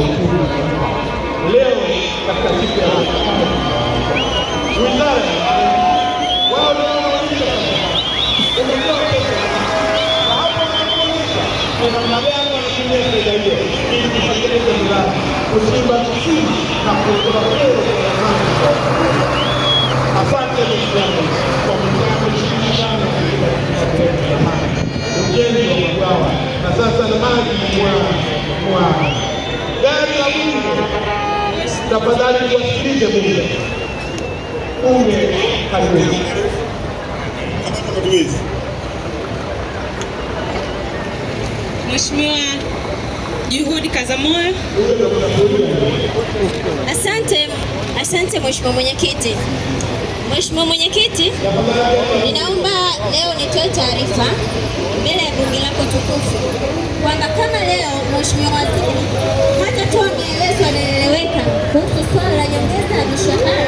uchumi leo katika siku ya wizara wao kisima na kuondoa kero Asante kwa mchango chini sana katika ujenzi wa mabwawa na sasa na maji mwa tafadhali tuwasikilize bunge, bunge haliwezi Mheshimiwa Juhudi Kazamoyo. Asante, asante Mheshimiwa Mwenyekiti. Mheshimiwa Mwenyekiti, ninaomba leo nitoe taarifa mbele ya bunge lako tukufu kwamba kama leo Mheshimiwa Waziri hatatoa maelezo হ্যাঁ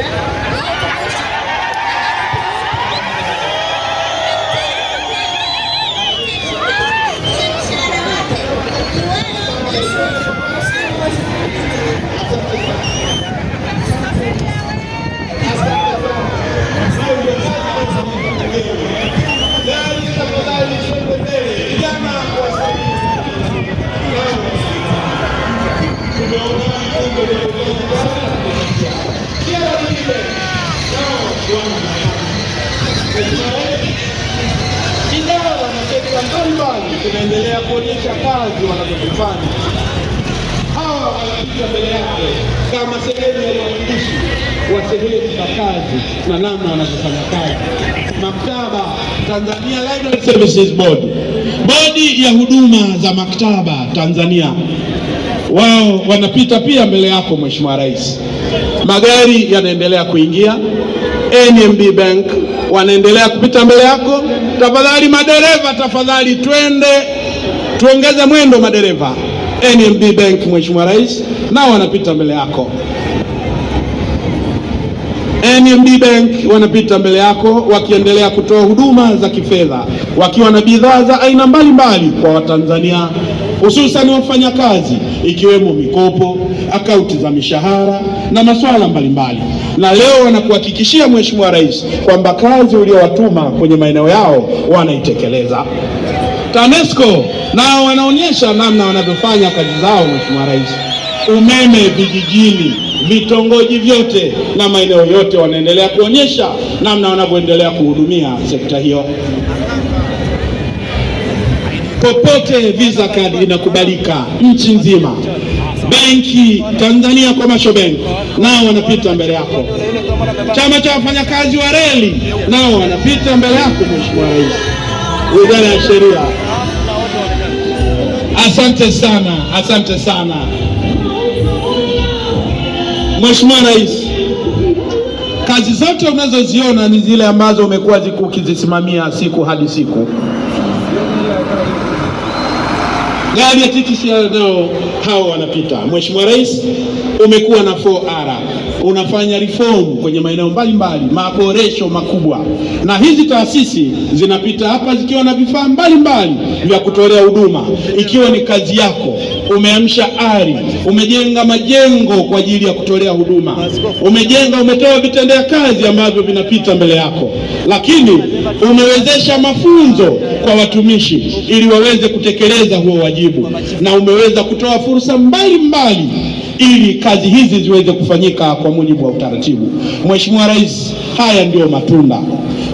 Ingawa na sekta tunaendelea kuonyesha kazi wanazozifanya hawa wanapita mbele yake kama sehemu ya uwakilishi wa sehemu za kazi na namna wanazofanya kazi. Maktaba Tanzania Library Services Board, bodi ya huduma za maktaba Tanzania wao wanapita pia mbele yako Mheshimiwa Rais. Magari yanaendelea kuingia, NMB Bank wanaendelea kupita mbele yako. Tafadhali madereva, tafadhali twende tuongeze mwendo madereva. NMB Bank Mheshimiwa Rais, nao wanapita mbele yako. NMB Bank wanapita mbele yako wakiendelea kutoa huduma za kifedha wakiwa na bidhaa za aina mbalimbali kwa Watanzania hususan wafanyakazi, ikiwemo mikopo, akaunti za mishahara na masuala mbalimbali. Na leo wanakuhakikishia Mheshimiwa Rais kwamba kazi uliowatuma kwenye maeneo yao wanaitekeleza. TANESCO nao wanaonyesha namna wanavyofanya kazi zao. Mheshimiwa Rais, umeme vijijini, vitongoji vyote na maeneo yote, wanaendelea kuonyesha namna wanavyoendelea kuhudumia sekta hiyo popote visa kadi inakubalika nchi nzima. Benki Tanzania Commercial Bank nao wanapita mbele yako. Chama cha wafanyakazi wa reli nao wanapita mbele yako, Mheshimiwa Rais, Wizara ya Sheria. Asante sana, asante sana Mheshimiwa Rais kazi zote unazoziona ni zile ambazo umekuwa ukizisimamia siku hadi siku magari ya TTCL nao hao wanapita. Mheshimiwa Rais, umekuwa na 4R, unafanya reform kwenye maeneo mbalimbali, maboresho makubwa, na hizi taasisi zinapita hapa zikiwa na vifaa mbalimbali vya kutolea huduma, ikiwa ni kazi yako umeamsha ari, umejenga majengo kwa ajili ya kutolea huduma, umejenga, umetoa vitendea kazi ambavyo vinapita mbele yako, lakini umewezesha mafunzo kwa watumishi ili waweze kutekeleza huo wajibu, na umeweza kutoa fursa mbalimbali ili kazi hizi ziweze kufanyika kwa mujibu wa utaratibu. Mheshimiwa Rais, haya ndiyo matunda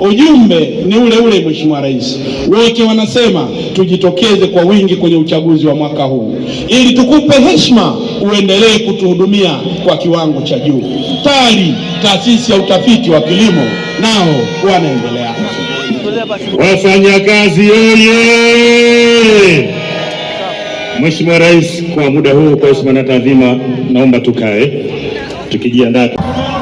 Ujumbe ni ule ule, Mheshimiwa Rais, wote wanasema tujitokeze kwa wingi kwenye uchaguzi wa mwaka huu ili tukupe heshima uendelee kutuhudumia kwa kiwango cha juu. TARI, taasisi ya utafiti wa kilimo, nao wanaendelea. Wafanyakazi oye! Mheshimiwa Rais, kwa muda huu, kwa heshima na taadhima, naomba tukae tukijiandaa.